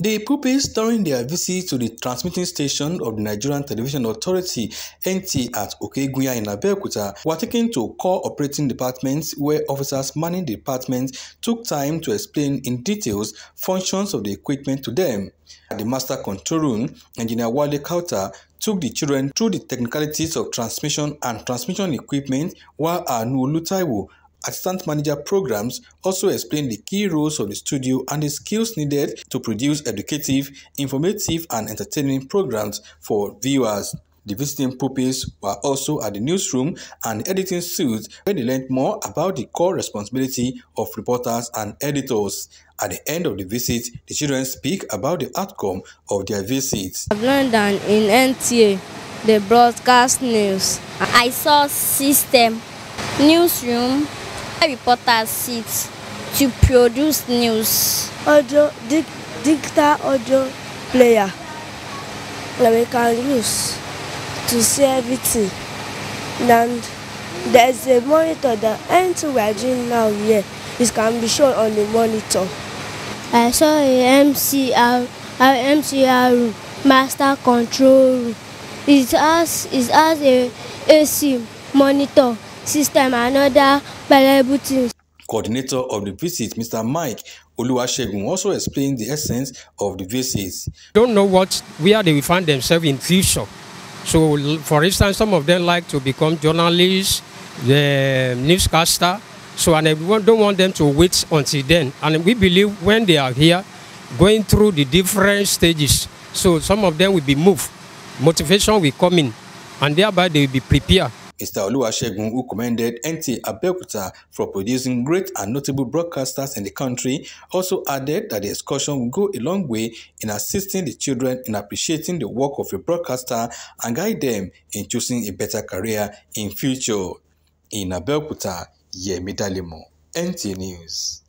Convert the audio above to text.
The pupils during their visit to the transmitting station of the Nigerian Television Authority NT at Okeguya in Abeokuta were taken to core operating departments where officers manning the departments took time to explain in details functions of the equipment to them. The master control room, Engineer Wale Kauta, took the children through the technicalities of transmission and transmission equipment while Anu Olutaiwo Assistant Manager Programs also explained the key roles of the studio and the skills needed to produce educative, informative and entertaining programs for viewers. The visiting pupils were also at the newsroom and editing suite where they learned more about the core responsibility of reporters and editors. At the end of the visit, the children speak about the outcome of their visits. I've learned that in NTA, they broadcast news. I saw system, newsroom, Reporters sit to produce news. Audio dig, digital audio player. Like we can use to see everything. And there's a monitor that anything we are doing now here, yeah, it can be shown on the monitor. I saw a MCR, a MCR room, master control room. It has, it has a AC monitor system and other valuable Coordinator of the visit, Mr. Mike Oluwasegun, also explained the essence of the visits. Don't know what where they will find themselves in future. So, for instance, some of them like to become journalists, the eh, newscaster. So, and we don't want them to wait until then. And we believe when they are here, going through the different stages, so some of them will be moved. Motivation will come in, and thereby they will be prepared Mr. Oluwasegun, who commended NTA Abeokuta for producing great and notable broadcasters in the country, also added that the excursion will go a long way in assisting the children in appreciating the work of a broadcaster and guide them in choosing a better career in future. In Abeokuta, Yemi Dalimo, NTA News.